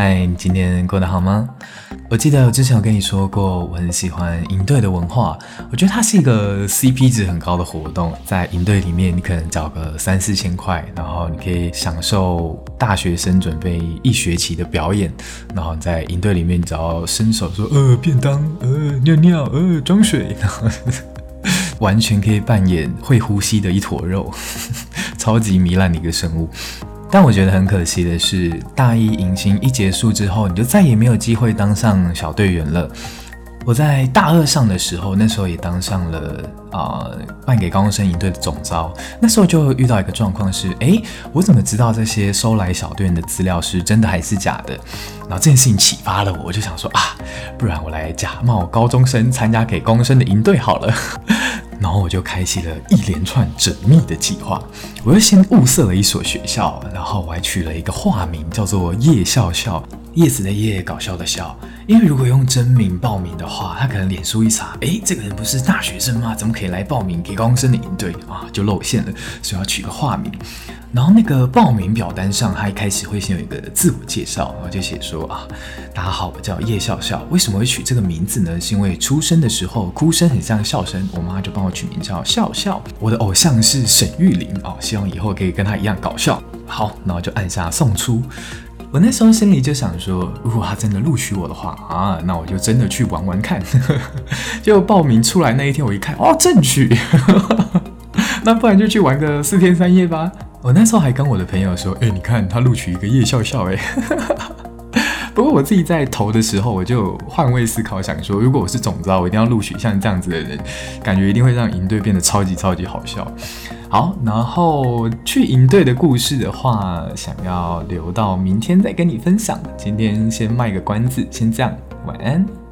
嗨，Hi, 你今天過得好嗎？我記得我之前有跟你說過，我很喜歡營隊的文化。我覺得它是一個 CP 值很高的活動。在營隊裡面，你可能找個三四千塊，然後你可以享受大學生準備一學期的表演。然後在營隊裡面，你只要伸手說呃便當呃尿尿呃裝水，然後完全可以扮演會呼吸的一坨肉，超級糜爛的一個生物。但我覺得很可惜的是，大一迎新一結束之後，你就再也沒有機會當上小隊員了。我在大二上的時候，那時候也當上了啊、呃，辦給高中生營隊的總召。那時候就遇到一個狀況是，誒，我怎麼知道這些收來小隊員的資料是真的還是假的？然後這件事情啟發了我，我就想說啊，不然我來假冒高中生參加給高中生的營隊好了。然後我就開啟了一連串縝，縝密的計劃。我又先物色了一所學校，然後我還取了一個化名，叫做葉笑笑，葉子的葉，搞笑的笑。因為如果用真名報名的話，他可能臉書一查，誒，這個人不是大學生嗎？怎麼可以來報名給高中生領隊啊？就露餡了，所以要取個化名。然後那個報名表單上，他一開始會先有一個自我介紹，然後就寫說啊，大家好，我叫葉笑笑。為什麼會取這個名字呢？是因為出生的時候哭聲很像笑聲，我媽就幫我取名叫笑笑。我的偶像是沈玉琳，哦，以後可以跟他一樣搞笑。好，那我就按下送出。我那時候心裡就想說，如果他真的錄取我的話啊，那我就真的去玩玩看。 就報名出來那一天，我一看哦，正取。 那不然就去玩個四天三夜吧。我那時候還跟我的朋友說，哎，你看他錄取一個葉笑笑、欸，哎。 不過我自己在投的時候，我就換位思考，想說，如果我是總召，我一定要錄取像這樣子的人，感覺一定會讓營隊變得超級超級好笑。好，然後去營隊的故事的話，想要留到明天再跟你分享，今天先賣個關子，先這樣，晚安。